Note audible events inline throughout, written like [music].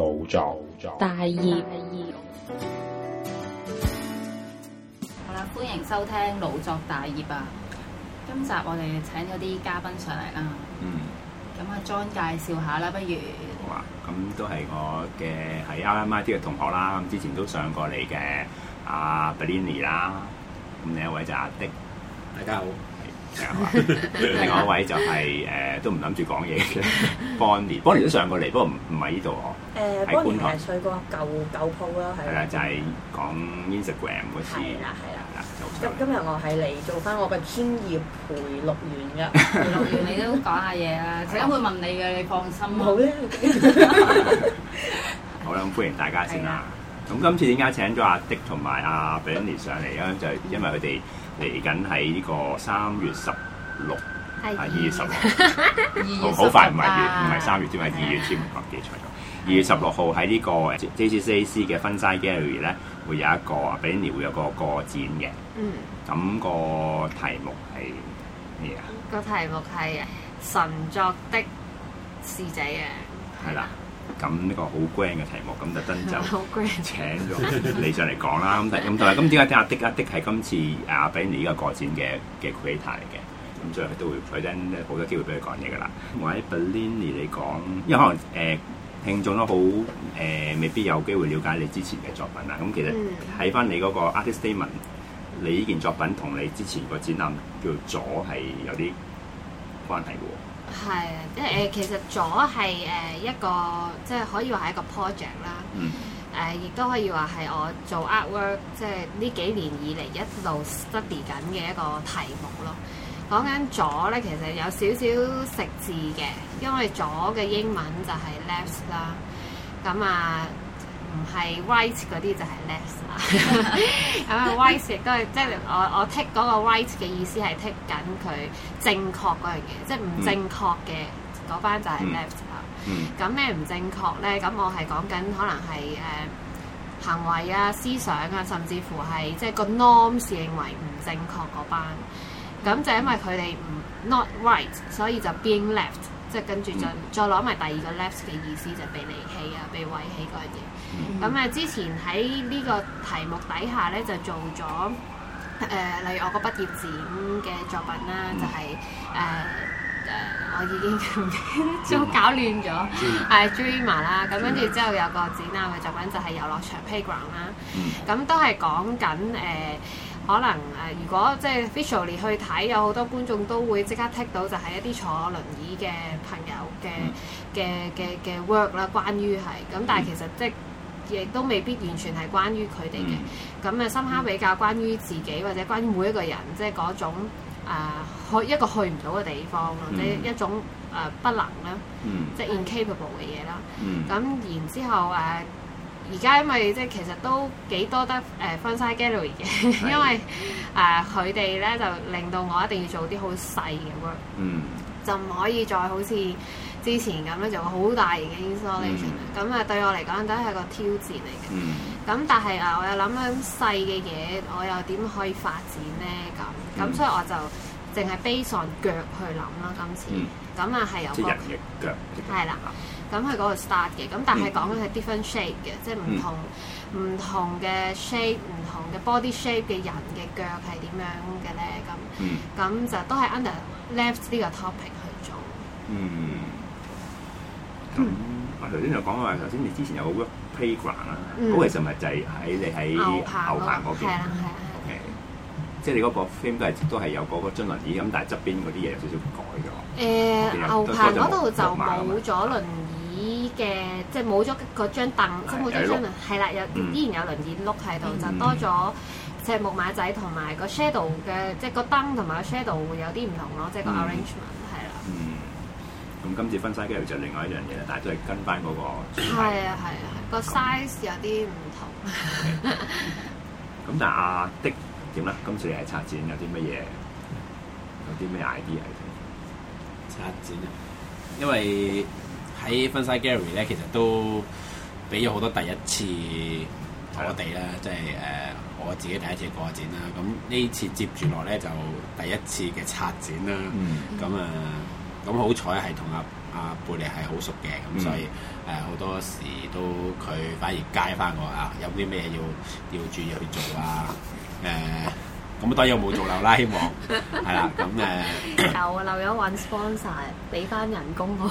腦作大業，好啦，歡迎收聽腦作大業啊！今集我哋請咗啲嘉賓上嚟啦，嗯，咁阿 John 介紹下啦，不如，好啊，咁都係我嘅喺 RMIT 嘅同學啦，咁之前都上過嚟嘅，阿、啊、Bellini 啦，咁另一位就阿迪，大家好。另外一位就係誒都唔諗住講嘢嘅 Bonnie，Bonnie 都上過嚟，不過唔唔係呢度喎。誒，Bonnie 係去過舊舊鋪啦，係啊，就係講 Instagram 嗰次。係啦，係啦，冇錯。今日我係嚟做翻我個專業陪錄員嘅錄員，你都講下嘢啦，大家會問你嘅，你放心。好啦。好啦，咁歡迎大家先啦。咁今次點解請咗阿迪同埋阿 Bellini 上嚟咧？就係因為佢哋。嚟緊喺呢個三月十六，係二月十六號，好快唔係月唔係三月先，係二月先記錯咗。二月十六號喺呢個 JCCAC 嘅 Fengsai Gallery 咧，會有一個 Benny 會有個個展嘅。嗯，咁個題目係咩啊？個題目係神作的，是這樣啊！係啦。咁呢個好 grand 嘅題目，咁特登就請咗你上嚟講啦。咁但係咁但係咁點解聽阿迪？阿迪係今次阿比尼呢個個展嘅嘅 creator 嚟嘅？咁所以都會 present 好多機會俾佢講嘢㗎啦。我喺 Bellini 嚟講，因為可能誒、呃、聽眾都好誒、呃，未必有機會了解你之前嘅作品啊。咁其實睇翻你嗰個 artist statement，你呢件作品同你之前個展覽叫做「左」，「左」係有啲關係喎。係，即係誒，其實左係誒一個，即係可以話係一個 project 啦。誒、嗯，亦都、呃、可以話係我做 artwork，即係呢幾年以嚟一路 study 緊嘅一個題目咯。講緊左咧，其實有少少食字嘅，因為左嘅英文就係 left 啦。咁、嗯、啊～唔係 right 嗰啲就係 left 啦。咁啊，right 亦都係，即係我我 tick 嗰個 right 嘅意思係 tick 緊佢正確嗰樣嘢，即係唔正確嘅嗰班就係 left 啦、mm. 了。咁咩唔正確咧？咁我係講緊可能係誒、呃、行為啊、思想啊，甚至乎係即係個 norms 認為唔正確嗰班。咁就因為佢哋唔 not right，所以就 being left，即係跟住就再攞埋第二個 left 嘅意思就是、被離棄啊，被遺棄嗰樣嘢。咁誒、嗯、之前喺呢個題目底下咧，就做咗誒、呃，例如我個畢業展嘅作品啦，就係誒誒，我已經呵呵 [laughs] 搞亂咗，係、 [laughs] 啊、Dreamer 啦。咁跟住之後有個展覽嘅作品就係遊樂場 Playground 啦。咁、嗯嗯、都係講緊誒，可能誒、呃，如果、呃、如果即係 visually 去睇，有好多觀眾都會即刻剔到，就係一啲坐輪椅嘅朋友嘅嘅嘅嘅 work 啦。關於係咁，但係、嗯、其實即係。亦都未必完全係關於佢哋嘅，咁啊、嗯、深刻比較關於自己、嗯、或者關於每一個人，即係嗰種去、呃、一個去唔到嘅地方，嗯、或者一種啊、呃、不能啦，嗯、即係 incapable 嘅嘢啦。咁、嗯、然之後誒，而、呃、家因為即係、呃、其實都幾多得誒 fancy gallery 嘅，呃、的因為誒佢哋咧就令到我一定要做啲好細嘅 work，、嗯嗯、就唔可以再好似。之前咁咧就好大型嘅 installation，咁啊對我嚟講都係一個挑戰嚟嘅。咁但係啊，我又諗緊細嘅嘢，我又點可以發展咧？咁咁所以我就淨係 base 上腳去諗啦。今次咁啊係有即人亦腳係啦。咁佢嗰個 start 嘅，咁但係講緊係 different shape 嘅，即係唔同唔同嘅 shape、唔同嘅 body shape 嘅人嘅腳係點樣嘅咧？咁咁就都係 under left 呢個 topic 去做。咁我頭先就講話，頭先你之前有個 playground 啦，咁其實咪就係喺你喺牛棚嗰邊，O.K.，即係你嗰個 frame 都係有嗰個樽輪椅咁，但係側邊嗰啲嘢有少少改咗。誒牛棚嗰度就冇咗輪椅嘅，即係冇咗嗰張凳，冇咗張凳，係啦，有依然有輪椅碌喺度，就多咗隻木馬仔同埋個 shadow 嘅，即係個燈同埋個 shadow 會有啲唔同咯，即係個 arrangement。咁今次分 size Gallery 就另外一樣嘢啦，但係都係跟翻嗰個。 [laughs] 啊係啊，個 size 有啲唔同。咁但係阿的點啦？今次係策展有啲乜嘢？有啲咩 idea？策展啊！因為喺分 size Gallery 咧，其實都俾咗好多第一次我哋啦，即係誒我自己第一次過展啦。咁呢次接住落咧就第一次嘅策展啦。咁啊～、嗯嗯咁好彩係同阿阿貝妮係好熟嘅，咁所以誒好、呃、多時都佢反而街翻我啊，有啲咩要要注意去做啊。誒、呃，咁當然我冇做漏啦，希望係啦。咁誒有漏咗揾 sponsor 俾翻人工喎。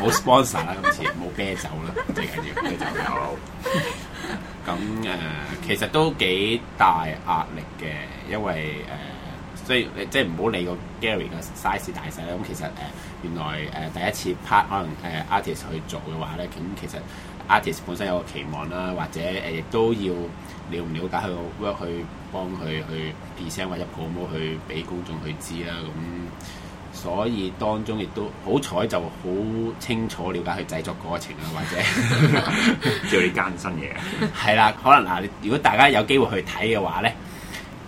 冇 [laughs] sponsor 啦，今次冇啤酒啦，最緊要啤酒。咁誒、 [laughs] [laughs] 嗯，其實都幾大壓力嘅，因為誒。呃所以即係唔好理個 Gallery 個 size 大細啦。咁其實誒、呃、原來誒、呃、第一次 part 可能、呃、誒 artist 去做嘅話咧，咁其實 artist 本身有個期望啦，或者亦、呃、都要了唔瞭解佢 work 去幫佢去 present 或者 promo 去俾公眾去知啦、啊。咁、嗯、所以當中亦都好彩就好清楚了解佢製作過程啊，或者做啲 [laughs] 艱辛嘢。係啦，可能嗱、呃，如果大家有機會去睇嘅話咧。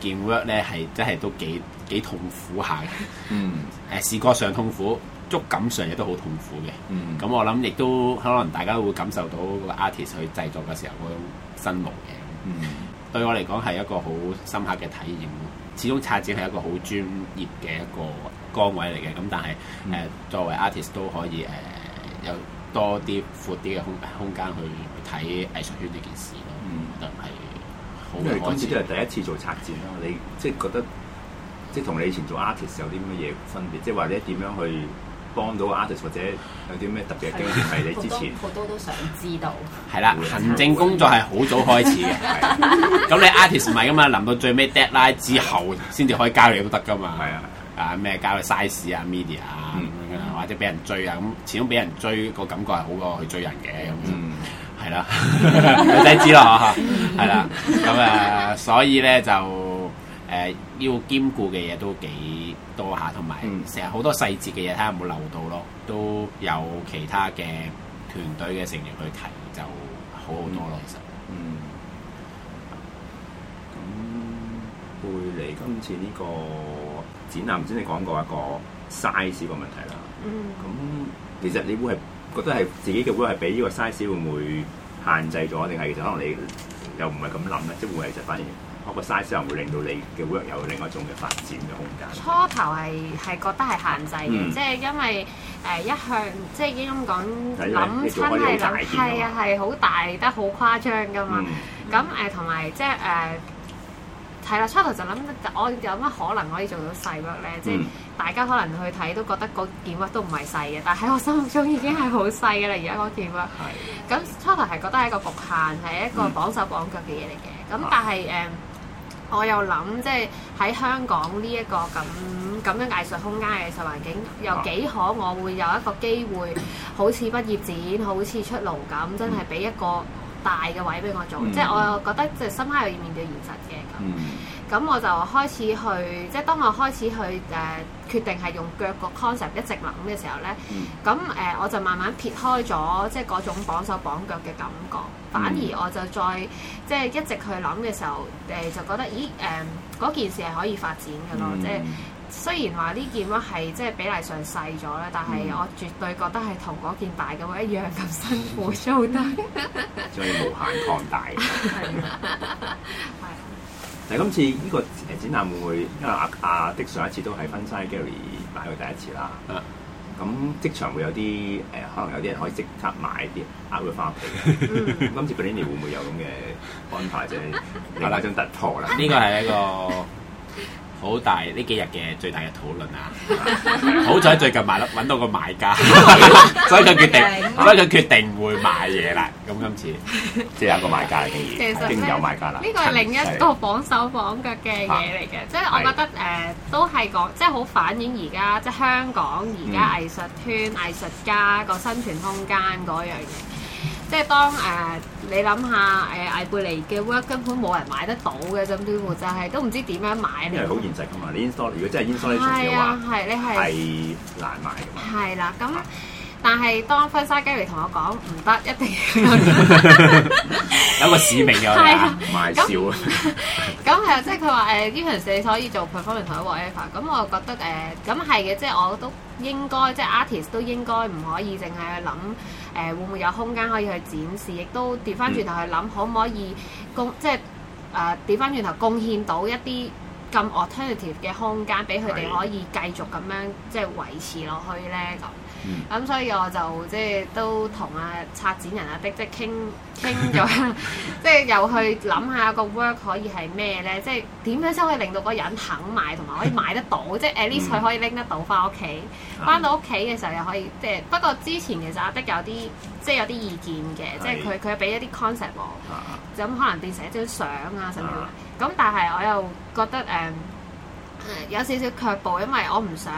件 work 咧係真係都幾幾痛苦下嘅，嗯，誒視覺上痛苦，觸感上亦都好痛苦嘅。Mm. 嗯，咁我諗亦都可能大家都會感受到個 artist 去製作嘅時候嗰種辛勞嘅。嗯，mm. 對我嚟講係一個好深刻嘅體驗咯。始終策展係一個好專業嘅一個崗位嚟嘅，咁但係誒、mm. 呃、作為 artist 都可以誒、呃、有多啲闊啲嘅空空間去睇藝術圈呢件事咯。Mm. 嗯，覺得係。因為今次都係第一次做策展啦，你即係覺得即係同你以前做 artist 有啲乜嘢分別？即係或者點樣去幫到 artist 或者有啲咩特別嘅經驗係的你之前？好多，好多都想知道。係啦，行政工作係好早開始嘅。咁 [laughs] 你 artist 唔係噶嘛，臨到最尾 deadline 之後先至可以交你都得噶嘛。係的啊，啊咩交你 size 啊 media 啊，嗯、或者俾人追啊，咁始終俾人追、個感覺係好過去追人嘅。嗯係啦，唔使知咯吓，係啦，咁誒，所以咧就誒、呃、要兼顧嘅嘢都幾多下，同埋成日好多細節嘅嘢，睇下有冇漏到咯，都有其他嘅團隊嘅成員去提就好好多咯，其、嗯、實。嗯。咁貝妮今次呢個展覽，唔知你講過一個 size 個問題啦。嗯。咁其實你會係？覺得係自己嘅 hoop 俾呢個 size 會唔會限制咗？定係其實可能你又唔係咁諗咧，即係會唔會就反而個 size 又會令到你嘅 hoop 有另外一種嘅發展嘅空間？初頭係係覺得係限制嘅、嗯呃，即係因為誒一向即已經咁講，諗親係係係好大得好誇張噶嘛。咁誒同埋即係誒。呃係啦，初頭就諗，我有乜可能可以做到細 work 咧？嗯、即係大家可能去睇都覺得嗰件 work 都唔係細嘅，但係喺我心目中已經係好細嘅啦。而家嗰件 work，咁是初頭係覺得係一個局限，係一個綁手綁腳嘅嘢嚟嘅。咁、嗯、但係誒，uh, 我又諗，即係喺香港呢一個咁咁樣，樣藝術空間、藝術環境，又幾可我會有一個機會，好似畢業展，好似出爐咁，真係俾一個。嗯大嘅位俾我做，mm hmm. 即係我覺得即係深刻又要面對現實嘅咁。咁、mm hmm. 我就開始去，即係當我開始去誒、呃、決定係用腳個 concept 一直諗嘅時候咧，咁誒、mm hmm. 呃、我就慢慢撇開咗即係嗰種綁手綁腳嘅感覺，反而我就再、mm hmm. 即係一直去諗嘅時候誒、呃，就覺得咦誒嗰、呃、件事係可以發展㗎咯，mm hmm. 即係。Mm hmm. 雖然話呢件乜係即係比例上細咗咧，但係我絕對覺得係同嗰件大嘅樣一樣咁辛苦做得，仲要無限擴大。係啊！嚟今次呢個誒展覽會，因為阿亞的上一次都係 Fancy Gallery 買過第一次啦。咁即場會有啲誒，可能有啲人可以即刻買啲 upgrade 翻嚟。咁今次 Bellini 會唔會有咁嘅安排？即係攞張特劵啦。呢個係一個。好大呢幾日嘅最大嘅討論啊！好彩最近買到揾到個買家，所以佢決定，所以佢決定會賣嘢啦。咁今次即係有一個買家嘅嘢，已經有買家啦。呢個係另一個綁手綁腳嘅嘢嚟嘅，即係我覺得誒都係講，即係好反映而家即係香港而家藝術圈藝術家個生存空間嗰樣嘢。即係當誒你諗下誒魏貝妮嘅 work [noise] 根本冇人買得到嘅，咁點會就係都唔知點樣買咧？因為好現實噶嘛，你 install 如果真係 install 咗嘅話，係、啊啊、你係係難買嘅嘛。係啦、啊，咁。 [noise] 但係，當婚紗 Gary 同我講唔得，一定有個使命㗎，賣笑。咁係即係佢話誒，呢陣時你可以做 performance 同 whatever。咁我覺得誒，咁係嘅，即係我都應該，即係 artist 都應該唔可以淨係去諗誒，會唔會有空間可以去展示？亦都調翻轉頭去諗，可唔可以貢即係誒調翻轉頭貢獻到一啲咁 alternative 嘅空間，俾佢哋可以繼續咁樣即係維持落去咧咁。咁、嗯、所以我就即係都同阿、啊、策展人阿的即係傾傾咗，即係 [laughs] 又去諗下個 work 可以係咩咧？即係點樣先可以令到個人肯買，同埋可以買得到， [laughs] 即係 at least 佢可以拎得到翻屋企。翻、嗯、到屋企嘅時候又可以即係。不過之前其實阿的有啲即係有啲意見嘅，是即係佢佢俾一啲 concept，我咁、啊、可能變成一張相啊，咁樣。但係我又覺得誒。呃有少少卻步，因為我唔想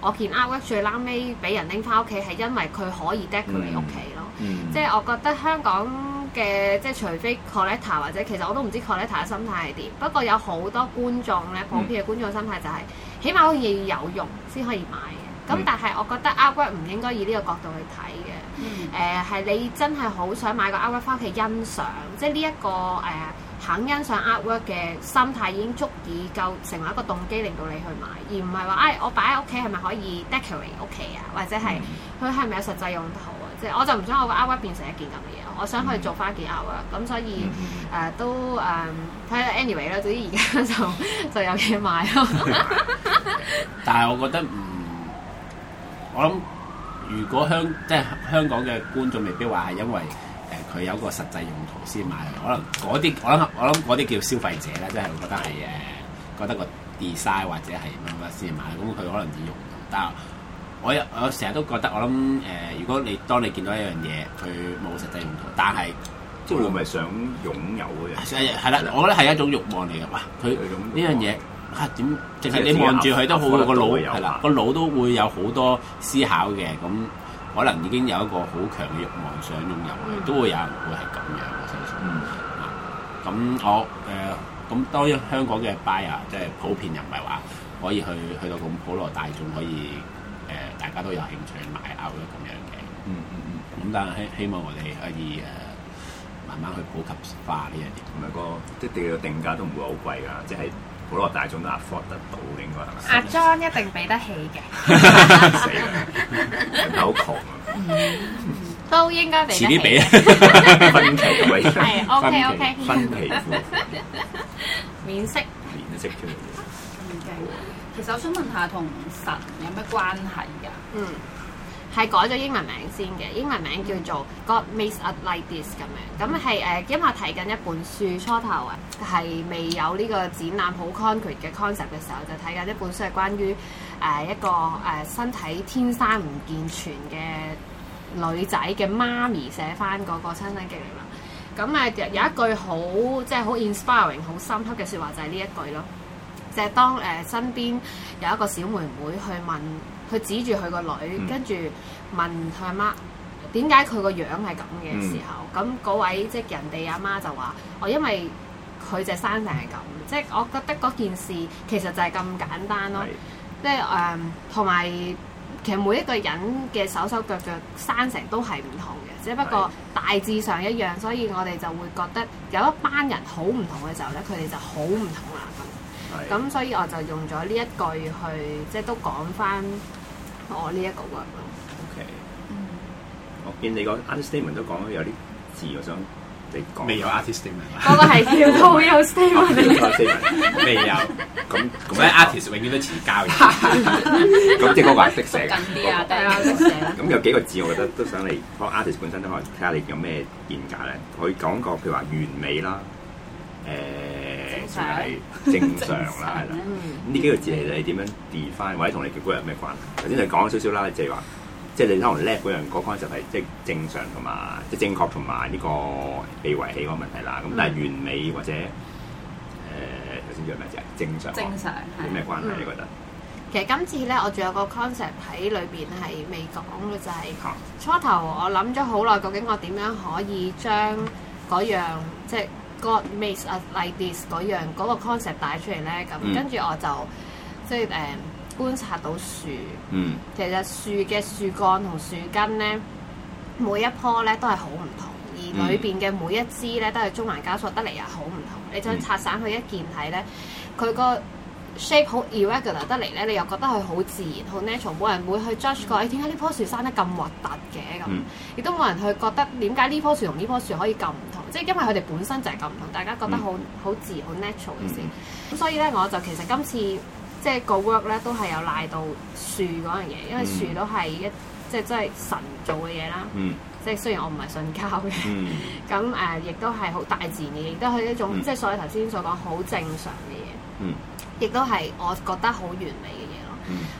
我件 r 鶉最撚尾俾人拎翻屋企，係因為佢可以 d e 帶佢哋屋企咯。即係、嗯嗯、我覺得香港嘅即係除非 c o l e t o 或者其實我都唔知 c o l e t o 嘅心態係點，不過有好多觀眾呢，普遍嘅觀眾心態就係、是嗯、起碼可以有用先可以買嘅。咁、嗯、但係我覺得 r 鶉唔應該以呢個角度去睇嘅。誒係、嗯呃、你真係好想買個 r 鶉翻屋企欣賞，即係呢一個誒。呃肯欣賞 artwork 嘅心態已經足以夠成為一個動機，令到你去買，而唔係話，哎，我擺喺屋企係咪可以 decorate 屋企啊？或者係佢係咪有實際用途啊？即、就、係、是、我就唔想我個 artwork 變成一件咁嘅嘢，我想去做翻件 artwork、嗯。咁所以誒、嗯呃、都誒睇下 anyway 啦。至於而家就就有嘢買咯、啊。 [laughs] [laughs] 但係我覺得唔、嗯，我諗如果香即係香港嘅觀眾未必話係因為。佢有個實際用途先買，可能嗰啲我諗我諗嗰啲叫消費者咧，即係覺得係誒覺得個 design 或者係乜乜先買，咁佢可能只用唔到。但我有我成日都覺得我諗誒、呃，如果你當你見到一樣嘢，佢冇實際用途，但係即係我咪想擁有嘅。係係啦，錯我覺得係一種慾望嚟嘅嘛。佢呢樣嘢嚇點？淨係、啊、你望住佢都好牛，個腦係啦，個腦都會有好多思考嘅咁。可能已經有一個好強嘅慾望想擁入去，都會有人會係咁樣嘅。我相信。咁我誒咁當然香港嘅 buyer 即係普遍又唔係話可以去去到咁普羅大眾可以誒、呃，大家都有興趣買啊嗰啲咁樣嘅。嗯嗯嗯。咁、嗯、但係希望我哋可以誒、呃、慢慢去普及化呢樣嘢，同埋個即係佢嘅定價都唔會好貴㗎，即係。即好多大眾都 afford 得到嘅應該係嘛？阿 John 一定俾得起嘅，唔係好窮啊，都應該俾得起。遲啲俾。分期嘅位，係 OK OK，分期免息，免息啫。其實我想問下，同神有咩關係㗎？嗯。係改咗英文名先嘅，英文名叫做 God Made u Like This 咁樣，咁係誒，因為睇緊一本書，初頭係未有呢個展覽好 concrete 嘅 concept 嘅時候，就睇緊一本書係關於誒、呃、一個誒、呃、身體天生唔健全嘅女仔嘅媽咪寫翻嗰個親身經歷啦。咁誒、呃、有一句好即係好 inspiring、好、就是、insp 深刻嘅説話就係、是、呢一句咯。就係當誒身邊有一個小妹妹去問，佢指住佢個女，跟住、嗯、問佢阿媽點解佢個樣係咁嘅時候，咁、嗯、位即係、就是、人哋阿媽就話哦，因為佢就生成係咁。即係我覺得件事其實就係咁簡單咯。即係誒同埋其實每一個人嘅手手腳腳生成都係唔同嘅，只、就是、不過大致上一樣，所以我哋就會覺得有一班人好唔同嘅時候咧，佢哋就好唔同啦。咁 [music] 所以我就用咗呢一句去，即係都講翻我呢一個 work 囉。OK，嗯，我見你個 artist statement 都講咗有啲字，我想你講。未有 artist statement，嗰個係叫好有 statement。statement 未有，咁咁咧 artist 永遠都遲交嘅。咁即係我話識寫。近啲啊，係啊，識寫啦。咁有幾個字，我覺得都想你。我 artist 本身都可以睇下你有咩見解咧。可以講過譬如話完美啦，誒、呃。呃就係正常啦，係 [laughs] 常啦。呢、嗯、幾個字嚟，你點樣 define，或者同你結婚有咩關係？頭先、嗯嗯、你講咗少少啦，即係話，即係你可能叻嗰樣嗰 concept 係即係正常同埋即係正確同埋呢個被遺棄嗰個問題啦。咁但係完美或者誒頭先講咩啫？正常，正常有咩關係？嗯、你覺得？其實今次咧，我仲有個 concept 喺裏邊係未講嘅，就係、是、初頭我諗咗好耐，究竟我點樣可以將嗰樣即係。God made us like this 嗰樣嗰個 concept 帶出嚟咧，咁跟住我就即係誒觀察到樹。嗯、其實樹嘅樹幹同樹根咧，每一棵咧都係好唔同，而裏邊嘅每一枝咧都係中環加塑得嚟又好唔同。你將拆散佢一件睇咧，佢個 shape 好 irregular 得嚟咧，你又覺得佢好自然，好 natural。冇人會去 judge 講、嗯，哎，點解呢棵樹生得咁核突嘅咁？亦、嗯、都冇人去覺得點解呢棵樹同呢棵樹可以咁唔同。即係因為佢哋本身就係咁，同大家覺得好好、嗯、自然、好 natural 嘅事。咁、嗯、所以咧，我就其實今次即係個 work 咧都係有賴到樹嗰樣嘢，因為樹都係一即係真係神做嘅嘢啦。嗯、即係雖然我唔係信教嘅，咁誒、嗯 [laughs] 呃、亦都係好大自然嘅，亦都係一種、嗯、即係所謂頭先所講好正常嘅嘢。嗯、亦都係我覺得好完美嘅嘢咯。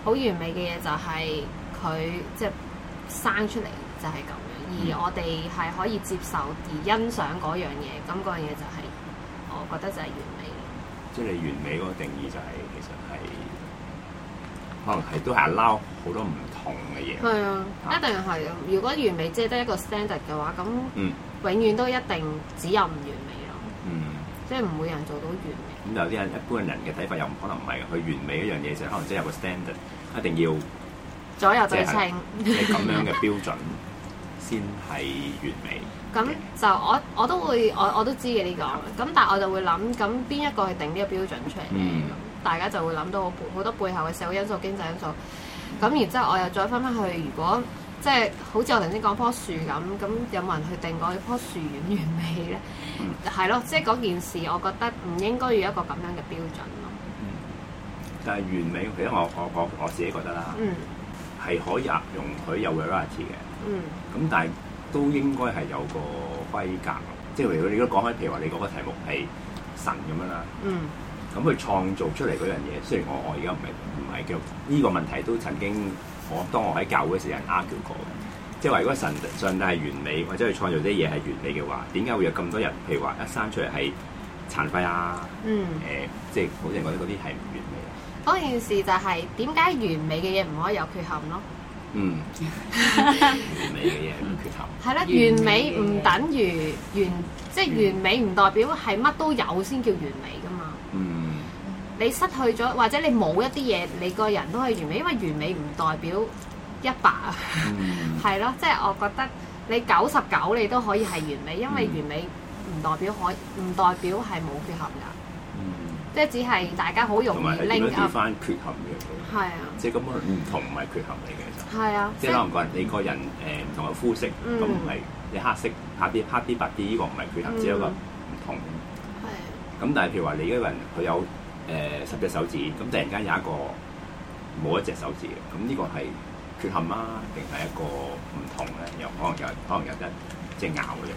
好、嗯、完美嘅嘢就係佢即係生出嚟就係咁。而我哋係可以接受而欣賞嗰樣嘢，咁嗰樣嘢就係、是、我覺得就係完美。即係你完美嗰個定義就係、是、其實係可能係都係撈好多唔同嘅嘢。係啊，一定係啊！如果完美即只得一個 standard 嘅話，咁嗯，永遠都一定只有唔完美咯。嗯，即係唔會有人做到完美。咁、嗯、有啲人一般人嘅睇法又唔可能唔係嘅，佢完美一樣嘢就可能即係有個 standard，一定要左右對稱，係咁樣嘅標準。 [laughs] 先係完美。咁就我我都會我我都知嘅呢、這個。咁、嗯、但係我就會諗，咁邊一個去定呢個標準出嚟？嗯、大家就會諗到好多背後嘅社會因素、經濟因素。咁然之後，我又再返返去，如果即係好似我頭先講棵樹咁，咁有冇人去定嗰棵樹完唔完美呢？嗯，係咯，即係嗰件事，我覺得唔應該要一個咁樣嘅標準咯、嗯。但係完美，其實我我我我，我自己覺得啦，嗯，係可以容許有 variation 嘅。嗯，咁但係都應該係有個規格，即係如果你而家講開，譬如話你嗰個題目係神咁樣啦，嗯，咁佢創造出嚟嗰樣嘢，雖然我我而家唔係唔係叫呢、這個問題，都曾經我當我喺教會時有人 argue 過嘅，即係話如果神上帝係完美，或者佢創造啲嘢係完美嘅話，點解會有咁多人？譬如話一生出嚟係殘廢啊，嗯，誒、呃，即係普通人覺得嗰啲係唔完美。嗰件事就係點解完美嘅嘢唔可以有缺陷咯？嗯，完美嘅嘢唔缺陷係啦，完美唔等於完，嗯、即係完美唔代表係乜都有先叫完美噶嘛。嗯，你失去咗或者你冇一啲嘢，你個人都可以完美，因為完美唔代表一百。係咯、嗯。 [laughs] 即係我覺得你九十九你都可以係完美，因為完美唔代表可唔代表係冇缺陷噶。即係只係大家好容易拎翻有、嗯、缺陷嘅嘢，啊，即係咁唔同唔係缺陷嚟嘅，就係啊，即係可能個人你個人誒同埋膚色都唔係你黑色黑啲黑啲白啲呢、呢個唔係缺陷，只係、嗯、一個唔同。係、啊。咁但係譬如話你一個人佢有誒、呃、十隻手指，咁突然間有一個冇一隻手指嘅，咁呢個係缺陷啊？定係一個唔同咧？又可能有可能有得即係拗嘅。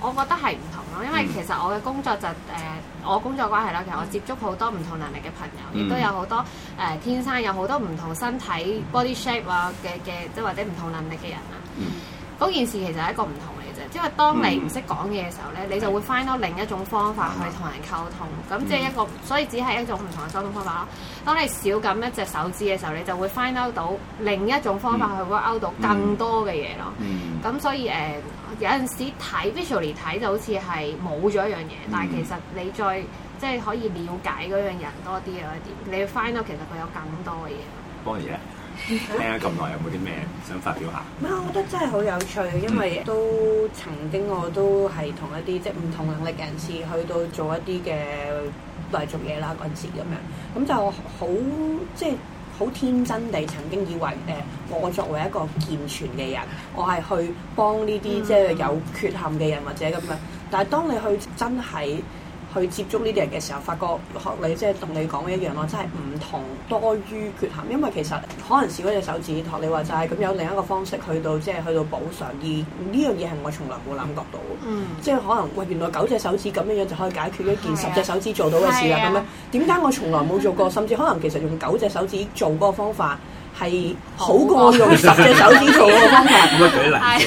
我覺得係唔同咯，因為其實我嘅工作就誒、呃、我工作關係啦，其實我接觸好多唔同能力嘅朋友，亦都有好多誒、呃、天生有好多唔同身體 body shape 啊嘅嘅，即係或者唔同能力嘅人啊，嗰、嗯、件事其實係一個唔同。因為當你唔識講嘢嘅時候咧，你就會 find out 另一種方法去同人溝通。咁即係一個，所以只係一種唔同嘅溝通方法咯。當你少緊一隻手指嘅時候，你就會 find 到另一種方法去 work out 到更多嘅嘢咯。咁、嗯、所以誒、呃，有陣時睇 visually 睇就好似係冇咗一樣嘢，嗯、但係其實你再即係、就是、可以了解嗰樣人多啲啊，一點你 find out 其實佢有更多嘅嘢。講嘢。聽咗咁耐有冇啲咩想發表下？唔係，我覺得真係好有趣，因為都曾經我都係同一啲即係唔同能力人士去到做一啲嘅例如做嘢啦嗰陣時咁樣，咁就好即係好天真地曾經以為誒、呃，我作為一個健全嘅人，我係去幫呢啲即係有缺陷嘅人或者咁樣，但係當你去真係。去接觸呢啲人嘅時候，發覺學、就是、你即係同你講嘅一樣咯，真係唔同多於缺陷，因為其實可能少一隻手指，學你話齋咁有另一個方式去到即係、就是、去到補償，而呢樣嘢係我從來冇諗到，嗯、即係可能喂原來九隻手指咁樣樣就可以解決一件十隻手指做到嘅事對啊！咁樣點解我從來冇做過？甚至可能其實用九隻手指做嗰個方法。係好過用十隻手指做一個方法。舉例，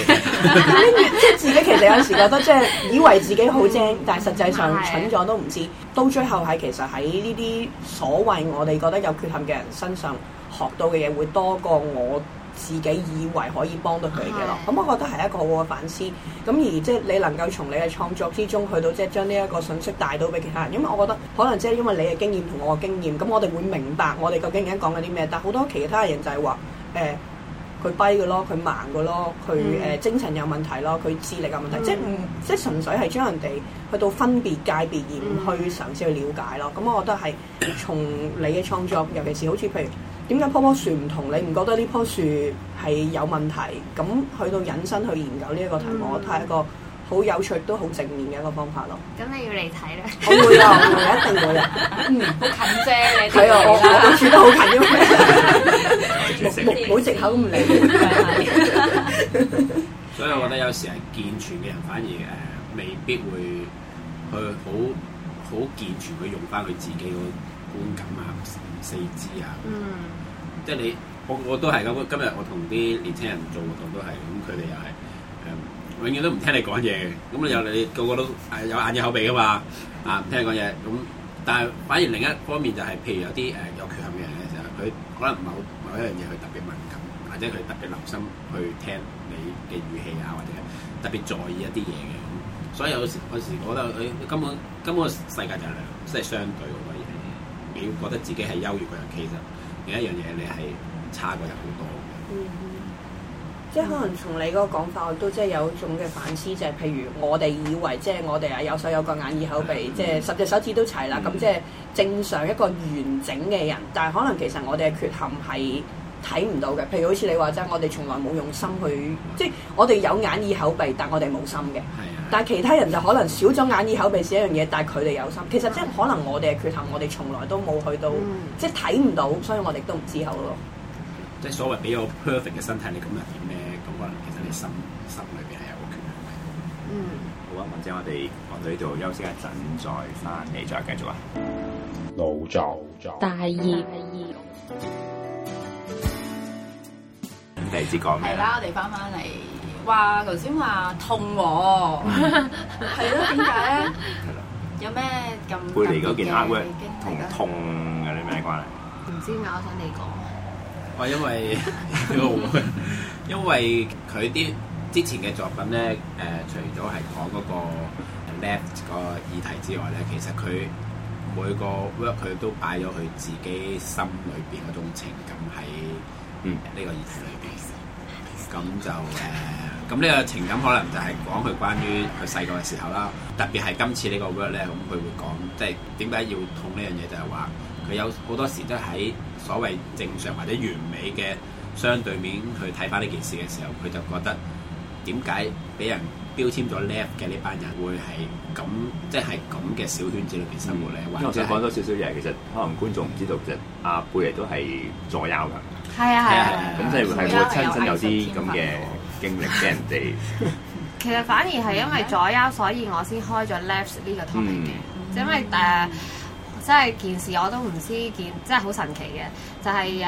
即係自己其實有時覺得，即係以為自己好精，但係實際上蠢咗都唔知。到最後係其實喺呢啲所謂我哋覺得有缺陷嘅人身上學到嘅嘢，會多過我。自己以為可以幫到佢嘅咯，咁、uh huh. 嗯、我覺得係一個好好嘅反思。咁、嗯、而即係你能夠從你嘅創作之中去到即係將呢一個信息帶到俾其他人，因為我覺得可能即係因為你嘅經驗同我嘅經驗，咁、嗯、我哋會明白我哋究竟而家講緊啲咩。但好多其他人就係話誒、呃佢跛嘅咯，佢盲嘅咯，佢誒、嗯、精神有問題咯，佢智力有問題，嗯、即係唔即係純粹係將人哋去到分別界別而唔去嘗試去了解咯。咁、嗯、我覺得係從你嘅創作，尤其是好似譬如點解棵棵樹唔同，你唔覺得呢棵樹係有問題？咁去到引申去研究呢一個題目，嗯、我睇下一個。好有趣，都好正面嘅一個方法咯。咁你要嚟睇咧？我會啊，我一定會、 [laughs] 嗯、啊。嗯，好近啫，你睇我我到處都好近嘅。冇藉口咁嚟， [laughs] 所以我覺得有時係健全嘅人反而誒未必會去好好健全去用翻佢自己個觀感啊、四肢啊。嗯，即係你，我我都係咁。今日我同啲年輕人做活動都係咁，佢哋又係誒。永遠都唔聽你講嘢嘅，咁啊有你，你個個都誒有眼耳口鼻㗎嘛，啊唔聽你講嘢，咁但係反而另一方面就係、是，譬如有啲誒、呃、有缺陷嘅人嘅時候，佢可能某某一樣嘢佢特別敏感，或者佢特別留心去聽你嘅語氣啊，或者特別在意一啲嘢嘅，所以有時有時覺得佢、哎、根本根本世界就係兩，即係相對我覺得你要覺得自己係優越嘅人，其實另一樣嘢你係差過人好多嘅。嗯。即係可能從你嗰個講法，我都即係有一種嘅反思，就係譬如我哋以為即係我哋啊有手有個眼耳口鼻，嗯、即係十隻手指都齊啦。咁、嗯、即係正常一個完整嘅人，但係可能其實我哋嘅缺陷係睇唔到嘅。譬如好似你話齋，即係我哋從來冇用心去，嗯、即係我哋有眼耳口鼻，但我哋冇心嘅。嗯、但係其他人就可能少咗眼耳口鼻是一樣嘢，但係佢哋有心。其實即係可能我哋嘅缺陷，我哋從來都冇去到，嗯、即係睇唔到，所以我哋都唔知有咯、嗯。即係所謂比較 perfect 嘅身體你咁樣。心心裏邊係有個決斷嘅。嗯，好啊，文姐，我哋講到呢度休息一陣再翻嚟，再繼續啊。老做做。大二。大二。咁第二節講咩？係啦，我哋翻返嚟話，頭先話痛喎，係咯， [laughs] [laughs] 點解咧？係咯 [laughs] 了。有咩咁背嚟嗰件 hard work 同痛，的痛，痛，痛，痛有啲咩關係？唔知啊，我想你講。 [laughs] 因為因為佢啲之前嘅作品咧，誒、呃、除咗係講嗰個 left 嗰個議題之外咧，其實佢每個 work 佢都擺咗佢自己心裏邊嗰種情感喺呢個議題入邊，咁、嗯、就誒。呃咁呢個情感可能就係講佢關於佢細個嘅時候啦，特別係今次呢個 work 咧，咁佢會講即係點解要痛呢樣嘢，就係話佢有好多時都喺所謂正常或者完美嘅相對面去睇翻呢件事嘅時候，佢就覺得點解俾人標籤咗 left 嘅呢班人會係咁即係咁嘅小圈子裏邊生活咧？嗯、或者我想講多少少嘢，其實可能觀眾唔知道，即係阿貝都係左右㗎，係啊係啊，啊。咁即係係會親身有啲咁嘅。經歷俾人 [laughs] 其實反而係因為左右。所以我先開咗 Left 呢個 topic。即、mm hmm. 因為誒，即、uh, 係件事我都唔知件即係好神奇嘅。就係、是、有一誒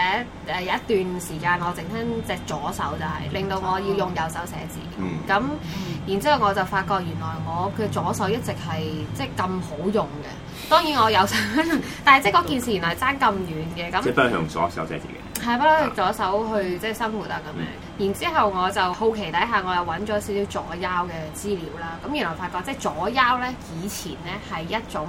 有、啊、一段時間，我整親隻左手就係、是、令到我要用右手寫字。咁、mm hmm. 然之後我就發覺原來我嘅左手一直係即係咁好用嘅。當然我右手， [laughs] 但係即係嗰件事原來爭咁遠嘅。咁即係用左手寫字嘅。係啦，左手去即係生活啊咁樣。嗯、然之後我就好奇底下，我又揾咗少少左腰嘅資料啦。咁原來發覺即係左腰咧，以前咧係一種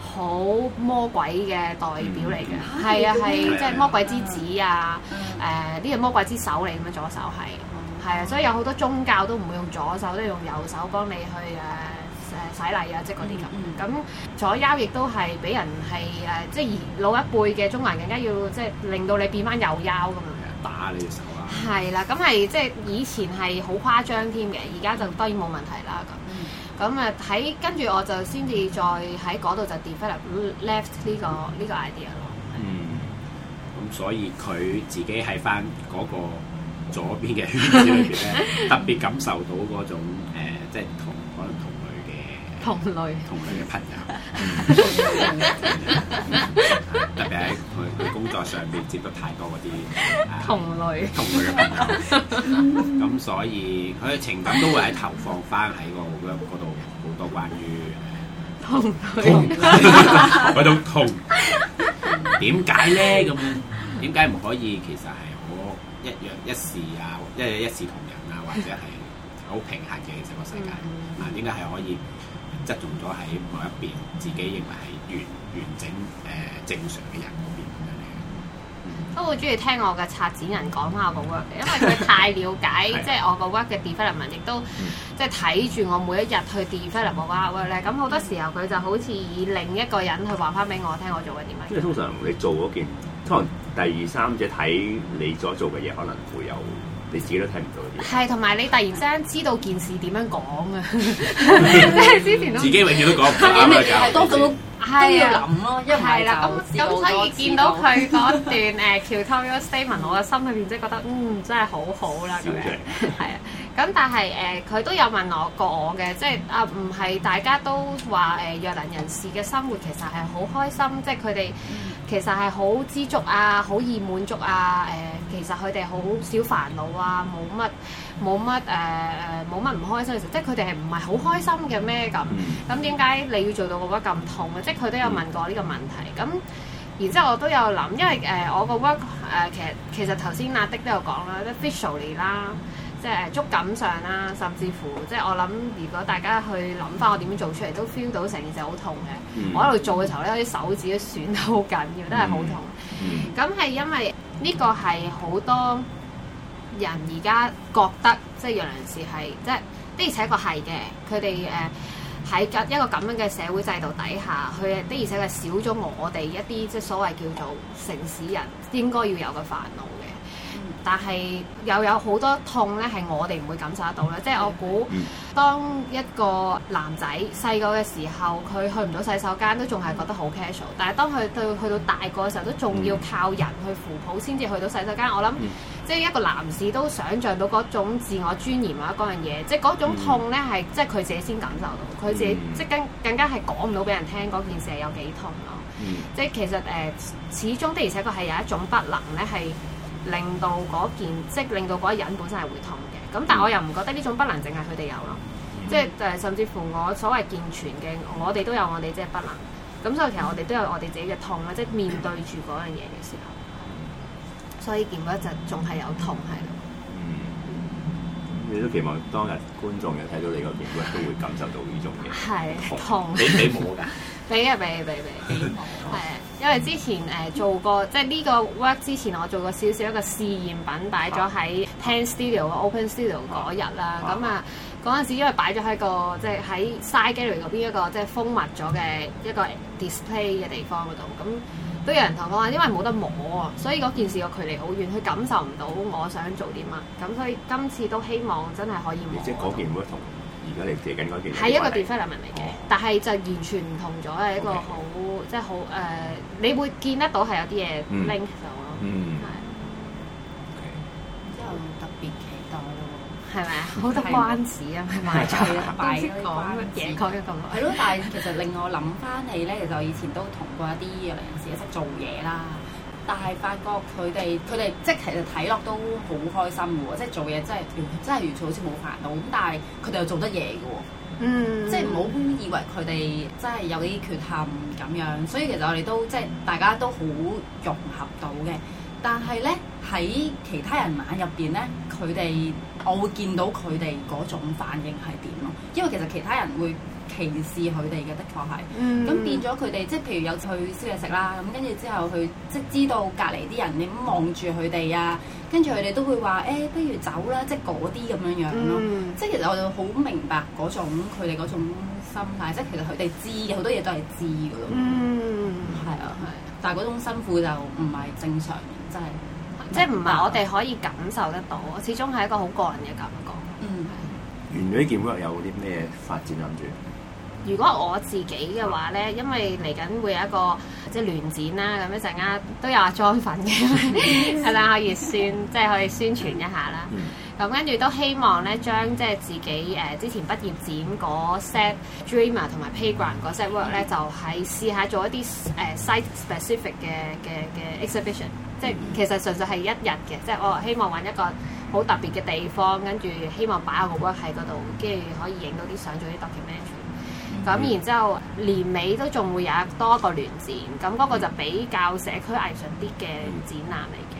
好魔鬼嘅代表嚟嘅，係、嗯、啊係，嗯、即係魔鬼之子啊。誒、啊，呢、呃呢個魔鬼之手嚟㗎，左手係，係、嗯、啊。所以有好多宗教都唔會用左手，都係用右手幫你去誒。洗禮啊，即係嗰啲咁。咁、嗯嗯、左腰亦都係俾人係誒，即係老一輩嘅中環人家要，即係令到你變翻右腰咁樣。打你隻手啊！係啦，咁係即係以前係好誇張添嘅，而家就當然冇問題啦。咁咁啊，喺、嗯、跟住我就先至再喺嗰度就 develop left 呢、呢個呢、呢個 idea 咯。嗯，咁所以佢自己喺翻嗰個左邊嘅圈子裏邊咧，特別感受到嗰種、呃、即係同可能同。同類同類嘅朋友，類 [laughs] 特別喺佢佢工作上面接觸太多嗰啲同類、啊、同類嘅朋友，咁類 [laughs] 所以佢嘅情感都會喺投放翻喺、嗰個度好多關於同類，嗰種痛點解咧？咁樣點解唔可以？其實係我一樣一視啊，一一視同仁啊，或者係好平衡嘅成個世界、嗯、啊，應該係可以。側重咗喺某一邊，自己認為係完完整誒、呃、正常嘅人嗰邊咁樣咧。嗯、都好中意聽我嘅策展人講翻我個 work 嘅，因為佢太了解，即係 [laughs] 我個 work 嘅 definition，亦都即係睇住我每一日去 definition 個 work 咧。咁好多時候佢就好似以另一個人去話翻俾我聽，我做緊點樣。因為通常你做嗰件，通常第二三者睇你所做嘅嘢，可能會有。你自己都睇唔到啲，係同埋你突然之間知道件事點樣講啊！即係 [laughs] [laughs] 之前都自己永遠都講唔到嘅，多數係要諗咯。係啦，咁咁、啊、所以見到佢嗰段誒《 [laughs] 喬偷咗斯文》，我嘅心裏面即係覺得嗯真係好好啦。係棒 [laughs] 啊，咁但係誒佢都有問我過我嘅，即係啊唔係大家都話誒弱能人士嘅生活其實係好開心，即係佢哋。其實係好知足啊，好易滿足啊，誒、呃，其實佢哋好少煩惱啊，冇乜冇乜誒誒，冇乜唔開心嘅事，即係佢哋係唔係好開心嘅咩咁？咁點解你要做到個 work 咁痛咧？即係佢都有問過呢個問題，咁然之後我都有諗，因為誒、呃、我個 work 誒、呃、其實其實頭先阿 Dic 都有講啦，official 嚟啦。即係觸感上啦、啊，甚至乎，即係我諗，如果大家去諗翻我點樣做出嚟，都 feel 到成件事好痛嘅。Mm hmm. 我喺度做嘅時候咧，啲手指都損得好緊要，都係好痛。咁係、mm hmm. 因為呢個係好多人而家覺得，即係羊城市係即係的而且確係嘅。佢哋誒喺一個咁樣嘅社會制度底下，佢的而且確，確少咗我哋一啲即係所謂叫做城市人應該要有嘅煩惱嘅。但係又有好多痛咧，係我哋唔會感受得到咧。即係我估，當一個男仔細個嘅時候，佢去唔到洗手間都仲係覺得好 casual。但係當佢到去到大個嘅時候，都仲要靠人去扶抱先至去到洗手間。我諗，嗯、即係一個男士都想像到嗰種自我尊嚴啊嗰樣嘢，即係嗰種痛咧，係即係佢自己先感受到，佢自己、嗯、即更更加係講唔到俾人聽嗰件事係有幾痛咯。嗯、即係其實誒、呃，始終的而且確係有一種不能咧係，令到嗰件即係令到嗰個人本身係會痛嘅，咁但係我又唔覺得呢種不能淨係佢哋有咯，嗯、即係誒甚至乎我所謂健全嘅，我哋都有我哋即係不能，咁所以其實我哋都有我哋自己嘅痛啦， [coughs] 即係面對住嗰樣嘢嘅時候，所以見到一陣仲係有痛係咯、嗯。你都期望當日觀眾又睇到你嗰件骨都會感受到呢種嘅痛，痛你你冇㗎。 [laughs] 俾啊俾俾俾，係啊，啊！因為之前誒、呃、做過，即係呢個 work 之前，我做過少少一個試驗品擺咗喺 Pen Studio 個、啊、Open Studio 嗰日啦。咁啊，嗰陣時因為擺咗喺個即係喺 Side Gallery 嗰邊一個即係封密咗嘅一個 display 嘅地方嗰度，咁都有人同我講，因為冇得摸啊，所以嗰件事個距離好遠，佢感受唔到我想做點啊。咁所以今次都希望真係可以。即係件而家你寫緊嗰件係一個 development 嚟嘅，但係就完全唔同咗，係一個好即係好誒，你會見得到係有啲嘢 link 到咯。嗯，之後特別期待咯，係咪啊？好多關子啊，咪埋咗都唔講嘢講一個，係咯。但係其實令我諗翻起咧，其實以前都同過一啲有陣時識做嘢啦。但係發覺佢哋佢哋即係其實睇落都好開心嘅喎，即係做嘢真係，真係完全好似冇煩惱。咁但係佢哋又做得嘢嘅喎，嗯、即係唔好以為佢哋真係有啲缺陷咁樣。所以其實我哋都即係大家都好融合到嘅。但係咧，喺其他人眼入邊咧，佢哋我會見到佢哋嗰種反應係點咯。因為其實其他人會，歧視佢哋嘅，的確係。咁、嗯、變咗佢哋，即係譬如有去宵夜食啦，咁跟住之後佢即知道隔離啲人咁望住佢哋啊，跟住佢哋都會話：誒、欸，不如走啦，即係嗰啲咁樣樣咯。嗯、即係其實我就好明白嗰種佢哋嗰種心態，即係其實佢哋知，好多嘢都係知嘅咯。嗯，係啊，係、啊。但係嗰種辛苦就唔係正常，真係，即係唔係我哋可以感受得到。始終係一個好個人嘅感覺。嗯。完咗啲 work 有啲咩發展諗住？如果我自己嘅話咧，因為嚟緊會有一個即聯展啦，咁一陣間都有阿莊份嘅，係啦， [laughs] [laughs] 可以宣即可以宣傳一下啦。咁、嗯、跟住都希望咧，將即自己誒、呃、之前畢業展嗰 set Dreamer 同埋 Playground 嗰 set work 咧，嗯、就喺試下做一啲誒、呃、site specific 嘅嘅嘅 exhibition。Ex 嗯、即其實純粹係一日嘅，即、就是、我希望揾一個好特別嘅地方，跟住希望擺下個 work 喺嗰度，跟住可以影到啲相，做啲 document。咁然之後年尾都仲會有多個聯展，咁嗰個就比較社區藝術啲嘅展覽嚟嘅，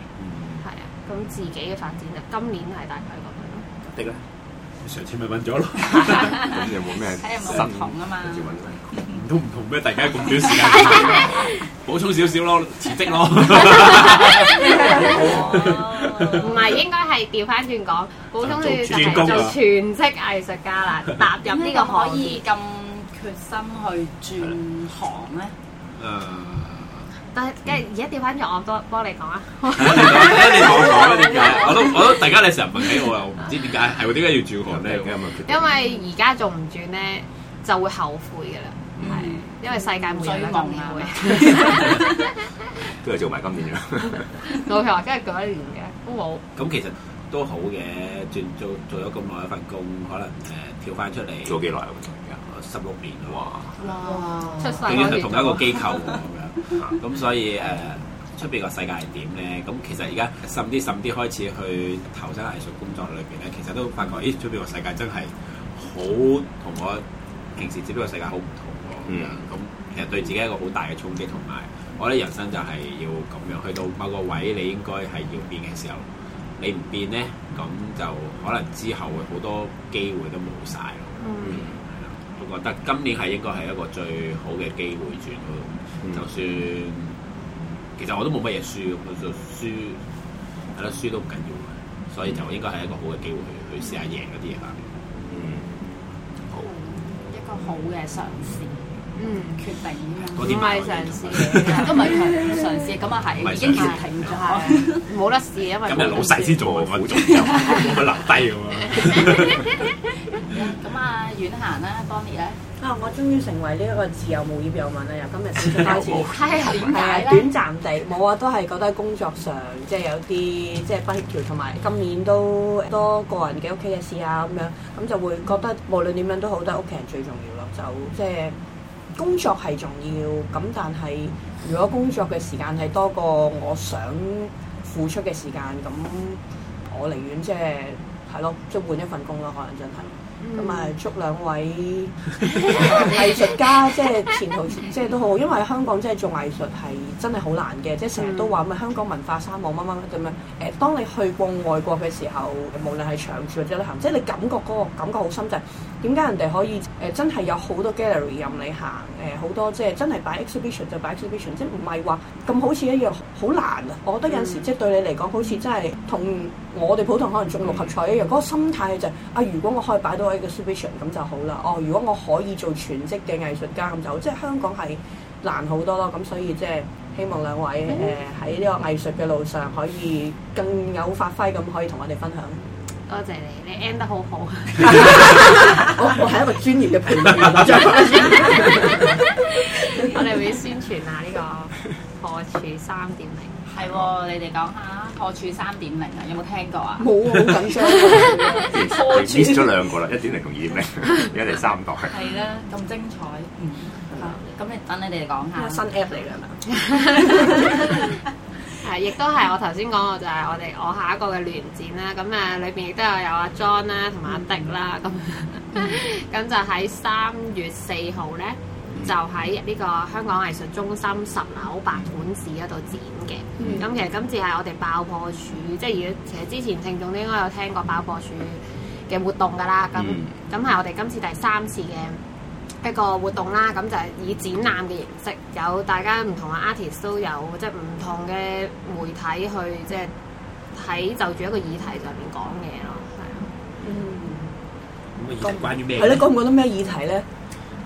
係啊。咁自己嘅發展就今年係大概咁樣咯。定啦，上次咪揾咗咯，跟住有冇咩新同啊嘛？唔都唔同咩？大家咁短時間，補充少少咯，辭職咯。唔係應該係調翻轉講，補充就係做全職藝術家啦，踏入呢個可以咁。決心去轉行咧，誒！但係，而家調翻咗，我都幫你講啊！我都我都大家你成日問起我，我唔知點解係會點解要轉行咧？因為而家做唔轉咧，就會後悔噶啦，係因為世界末日都仲未，都係做埋今年啫。老實話，真係一年嘅都冇。咁其實都好嘅，轉做做咗咁耐一份工，可能誒跳翻出嚟做幾耐？十六年啊！哇，哇出世，佢同一個機構喎，咁樣 [laughs] ，咁所以誒，出邊個世界係點咧？咁其實而家深啲、深啲開始去投身藝術工作裏邊咧，其實都發覺，咦、欸，出邊個世界真係好同我平時接呢個世界好唔同喎，咁樣、嗯，咁其實對自己一個好大嘅衝擊，同埋我覺得人生就係要咁樣，去到某個位，你應該係要變嘅時候，你唔變咧，咁就可能之後會好多機會都冇曬。嗯。覺得今年係應該係一個最好嘅機會轉去，嗯、就算其實我都冇乜嘢輸咁，我就輸係咯，得輸都唔緊要，所以就應該係一個好嘅機會去去試下贏嗰啲嘢啦。嗯，好一個好嘅嘗試。嗯，決定啊！唔係嘗， [laughs] 嘗試，都唔係嘗試，咁啊係，已經停咗，冇 [laughs] 得試，因為咁啊，老細先做重要。冇乜留低嘅咁啊，遠行啦，當年咧啊，我終於成為呢一個自由無業遊民啦！由 [laughs] 今日先開始，係啊 [laughs] 麼，短暫地冇啊，都係覺得工作上即係、就是、有啲即係不協調，同埋今年都多個人嘅屋企嘅事啊咁樣，咁就會覺得無論點樣都好，都屋企人最重要咯，就即係。就是工作係重要，咁但係如果工作嘅時間係多過我想付出嘅時間，咁我寧願即係係咯，即、就是、換一份工咯，可能真、就、係、是。咁啊、嗯，祝兩位 [laughs] 藝術家即係、就是、前途即係、就是、都好，因為香港即係、就是、做藝術係真係好難嘅，即係成日都話咪、嗯、香港文化沙漠乜乜乜咁樣。誒，當你去過外國嘅時候，無論係長住或者旅行，即、就、係、是、你感覺嗰、那個感覺好深滯。就是點解人哋可以誒、呃、真係有好多 gallery 任你行誒好、呃、多即係真係擺 exhibition 就擺 exhibition，即係唔係話咁好似一樣好難啊？我覺得有時、嗯、即係對你嚟講好似真係同我哋普通可能中六合彩一樣嗰、嗯、個心態就係、是、啊，如果我可以擺到我一個 exhibition 咁就好啦。哦，如果我可以做全職嘅藝術家咁就好。即係香港係難好多咯。咁所以即係希望兩位誒喺呢個藝術嘅路上可以更有發揮咁，可以同我哋分享。多謝你，你 end 得好好。我我係一個專業嘅評論家。我哋會宣傳下呢個破處三點零。係喎，你哋講下破處三點零啊？有冇聽過啊？冇，好緊張。破處咗兩個啦，一點零同二點零，而家嚟三代。係啦，咁精彩。咁你等你哋講下。新 app 嚟㗎啦。係，亦都係我頭先講過，就係我哋我下一個嘅聯展啦。咁誒，裏邊亦都有有阿 John 啦，同埋阿迪啦。咁咁 [laughs] 就喺三月四號咧，嗯、就喺呢個香港藝術中心十樓白館寺嗰度展嘅。咁、嗯、其實今次係我哋爆破處，即係如果其實之前聽眾應該有聽過爆破處嘅活動噶啦。咁咁係我哋今次第三次嘅一個活動啦，咁就係以展覽嘅形式，有大家唔同嘅 artist 都有，即係唔同嘅媒體去即係喺就住一個議題上面講嘢咯。嗯，咁個議題關於咩嘢？係咯，講唔講得咩議題咧？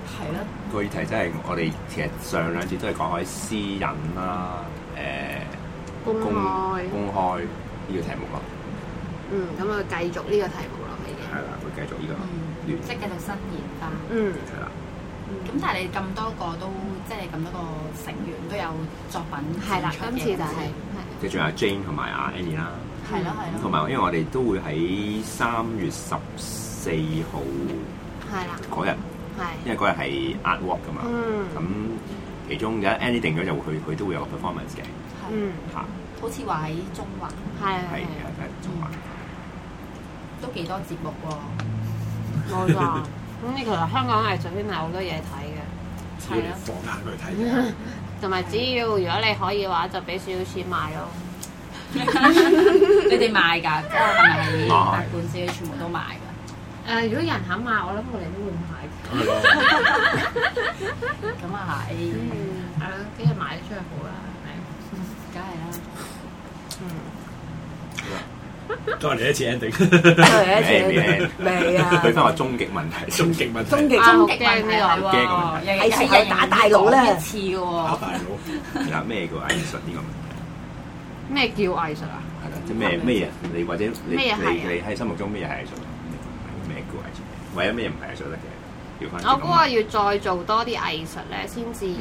係咯，議題真係我哋其實上兩節都係講開私隱啦，誒，公開公開呢個題目咯。嗯，咁我繼續呢個題目咯，已經。係啦，會繼續呢、這個，嗯、話即係繼續新鮮化。嗯，係啦。咁但係你咁多個都，即係咁多個成員都有作品，係啦，今次就係即係仲有 Jane 同埋阿 Annie 啦，係咯。咁同埋因為我哋都會喺三月十四號係啦嗰日，係因為嗰日係 Art Walk 噶嘛。咁其中有一 Annie 定咗就會去，佢都會有 performance 嘅。嗯。嚇，好似話喺中環，係係係中環，都幾多節目喎？外咁你其實香港藝術圈係好多嘢睇嘅，係啊，放大嚟睇，同埋只要了 [laughs] 如果你可以嘅話，就俾少少錢買咯。你哋買㗎，今日係八館全部都買㗎。誒、啊，如果有人肯買，我諗我哋都會買。咁啊係，係咯，幾日賣得出去好啦。再嚟一次，一定。再嚟一次，嚟啊！佢翻話終極問題，終極問，終極終極問題，驚喎。係似係打大佬咧，似嘅喎。打大佬，嗱，咩叫藝術呢個問題？咩叫藝術啊？係啦，即係咩咩啊？你或者你你你喺心目中咩係藝術？咩叫藝術？唯有咩唔係做得嘅？調翻。我嗰個要再做多啲藝術咧，先至。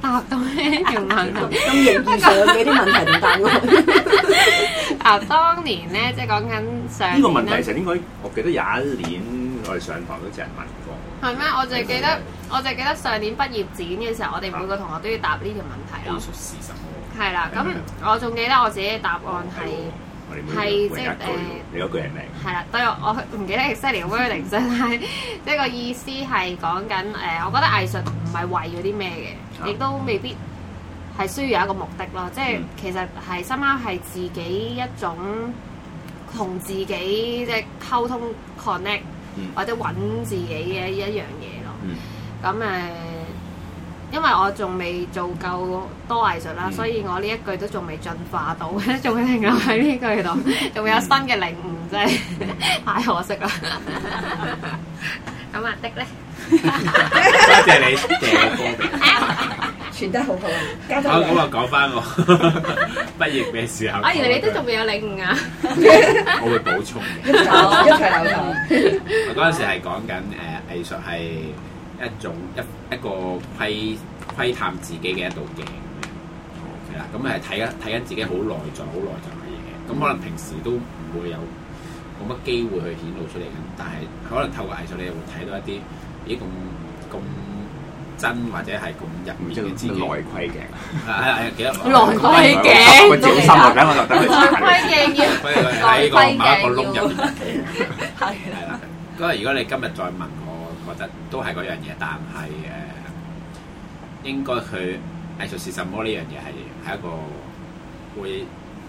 答到呢條問題，咁形意上嘅啲問題唔答？嗱，當年咧，即係講緊上呢個問題，其實應該，我記得有一年我哋上堂都淨係問過。係咩？我就記得，我就記得上年畢業展嘅時候，我哋每個同學都要答呢條問題咯。藝術事實係啦。咁我仲記得我自己嘅答案係，係即係誒，你嗰句係咩？係啦，對，我唔記得係咩 language，但係即係個意思係講緊誒，我覺得藝術唔係為咗啲咩嘅。亦都未必係需要有一個目的咯，嗯、即係其實係深啱係自己一種同自己即係溝通 connect、嗯、或者揾自己嘅一、嗯、樣嘢咯。咁誒，因為我仲未做夠多藝術啦，嗯、所以我呢一句都仲未進化到，仲 [laughs] 停留喺呢句度，仲未有新嘅領悟、嗯、真係太可惜啦。咁阿 [laughs] [laughs] 的咧？多 [laughs] 謝,謝你，謝我歌名，傳得好好。 [laughs] 我咁回 [laughs] [laughs] 啊，講 [laughs] 翻 [laughs] 我畢業嘅時候，啊原來你都仲未有領悟啊！我會補充嘅，一齊補充。我嗰陣時係講緊誒，藝術係一種一一個窺窺探自己嘅一道鏡。係啦，咁係睇緊睇緊自己好內在、好內在嘅嘢。咁可能平時都唔會有冇乜機會去顯露出嚟嘅，但係可能透過藝術，你又會睇到一啲。咦，咁咁真或者係咁入面出嘅？內窺鏡，係係幾多？內窺鏡，我覺得好深啊！鏡，我覺得佢，窺鏡要講窺鏡某一個窿入係啦，咁啊，如果你今日再問我，覺得都係嗰樣嘢，但係誒，應該佢藝術是什麼呢樣嘢係係一個會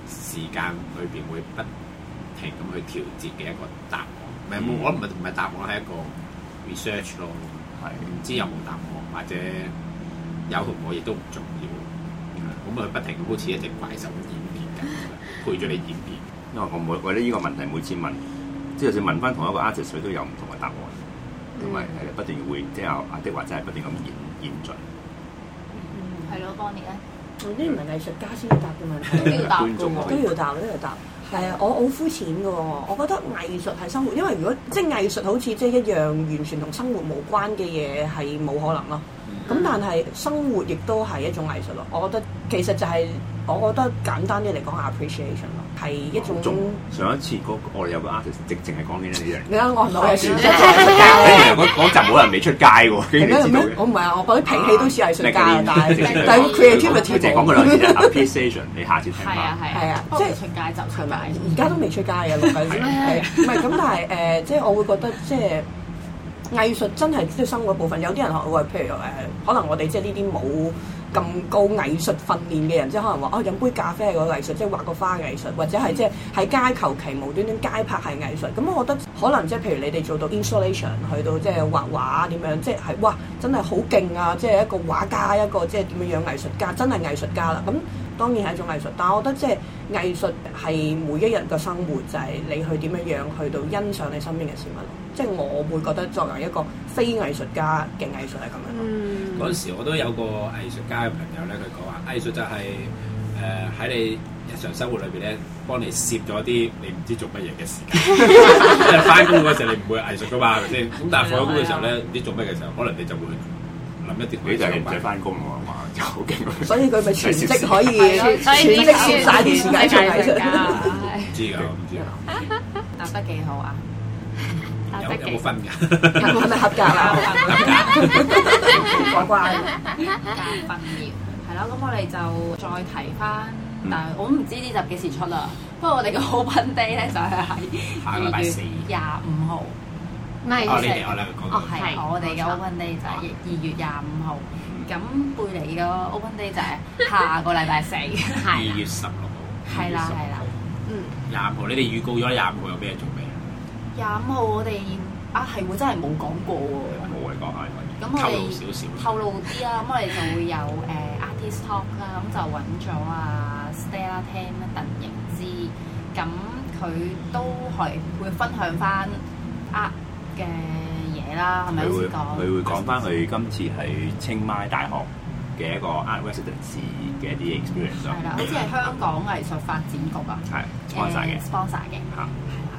時間裏邊會不停咁去調節嘅一個答案。唔係，我唔係唔係答案係一個。research 咯，唔知有冇答案或者有同我亦都唔重要，咁啊佢不停好似一隻怪獸咁演變緊，配住你演變。因為我每我呢依個問題每次問，即係就算問翻同一個 artist 佢都有唔同嘅答案，同埋係不斷換，即係阿的或者係不斷咁演演進。嗯，係咯 Bonnie 咧，總之唔係藝術家先要答嘅問題，都要答嘅，都要答都要答。係啊，我好膚淺㗎喎，我覺得藝術係生活，因為如果即係藝術好似即係一樣完全同生活冇關嘅嘢，係冇可能咯。咁但係生活亦都係一種藝術咯，我覺得其實就係我覺得簡單啲嚟講，appreciation 咯，係一種上一次我哋有個 artist 直情係講呢啲嘢。你睇我唔到係出街。你原來嗰嗰集冇人未出街喎。我唔係啊，我覺得脾氣都似藝術，但係 creative creativity 就講嗰兩次 appreciation，你下次聽。係啊係啊，即係出街就出咪？而家都未出街嘅。係啊係啊，唔係咁，但係誒，即係我會覺得即係。藝術真係即係生活部分，有啲人學喂，譬如誒，可能我哋即係呢啲冇咁高藝術訓練嘅人，即係可能話哦，飲杯咖啡係個藝術，即係畫個花藝術，或者係即係喺街求其無端端街拍係藝術。咁我覺得可能即係譬如你哋做到 installation 去到即係畫畫點樣，即係哇，真係好勁啊！即係一個畫家，一個即係點樣樣藝術家，真係藝術家啦。咁當然係一種藝術，但係我覺得即係藝術係每一日嘅生活就係、是、你去點樣樣去到欣賞你身邊嘅事物。即係我會覺得作為一個非藝術家嘅藝術係咁樣咯。嗰陣時我都有個藝術家嘅朋友咧，佢講話藝術就係誒，喺你日常生活裏邊咧，幫你攝咗啲你唔知做乜嘢嘅時間。即係翻工嗰陣時你唔會藝術㗎嘛，係咪先？咁但係放工嘅時候咧，唔知做乜嘅時候，可能你就會諗一啲。你就係即係翻工喎，哇！真係好勁。所以佢咪全職可以全職消散時間，全職時間。知㗎唔知啊？答得幾好啊！有有冇分㗎？有冇係咪合格啦？講掛㗎。間分秒係咯，咁我哋就再提翻。但係我唔知呢集幾時出啦。不過我哋嘅 Open Day 咧就係喺下個禮拜四廿五號。唔我哋我兩個講，係我哋嘅 Open Day 就係二月廿五號。咁貝妮嘅 Open Day 就係下個禮拜四，係二月十六號。係啦，係啦。嗯，廿五號，你哋預告咗廿五號有咩做？廿五、嗯、我哋啊係喎，真係冇講過喎，咁我哋透露少少，透露啲啦。咁我哋就會有誒、呃、artist talk 啦，咁就揾咗啊 Stellar Ten 啊，鄧盈之，咁佢都係會分享翻 art 嘅嘢啦，係咪先講？佢會講翻佢今次喺清邁大學嘅一個 art residency 嘅一啲 experience。係啦，好似係香港藝術發展局啊，係 sponsor 嘅。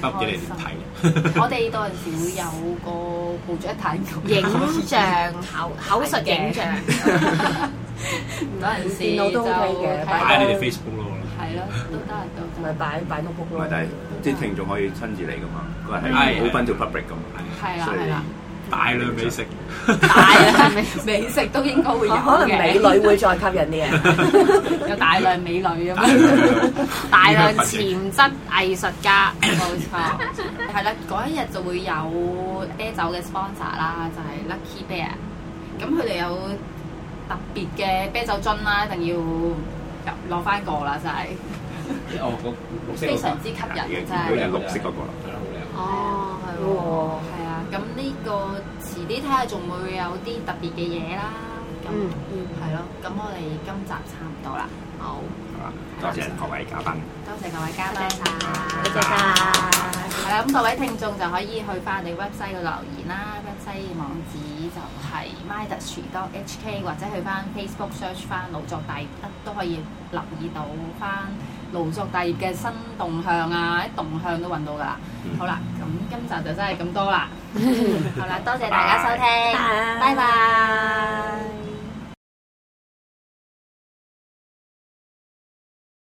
不俾你哋睇嘅。我哋有陣時會有個捕捉睇嘅影像口口述影像，有陣時電腦都 OK 嘅。擺喺你哋 Facebook 咯，係咯，都得，都唔係擺擺 Facebook 咯。唔係，但係啲聽眾可以親自嚟噶嘛，佢係 opentopublic 噶嘛，係啦，係啦。大量美食，大量美食都應該會有嘅。可能美女會再吸引啲人，有大量美女啊嘛，大量潛質藝術家，冇錯。係啦，嗰一日就會有啤酒嘅 sponsor 啦，就係 Lucky Bear。咁佢哋有特別嘅啤酒樽啦，一定要入攞翻個啦，就係。哦，綠色非常之吸引嘅，真係綠色嗰個啦，係啦，好靚。哦，係喎。咁呢個遲啲睇下仲會有啲特別嘅嘢啦，咁係咯。咁、嗯、我哋今集差唔多啦，好，好，多謝各位嘉賓，多謝各位嘉賓，謝謝，多謝曬。係啦，咁 [laughs] [laughs] 各位聽眾就可以去翻你 website 嘅留言啦，website [laughs] 網址就係 m y d o u c h d o g h k 或者去翻 Facebook search 翻老作大，都都可以留意到翻。腦作大業嘅新動向啊，啲動向都揾到噶啦。嗯、好啦，咁今集就真係咁多啦。 [laughs] 好啦，多謝大家收聽，拜拜 Bye. Bye.。Bye.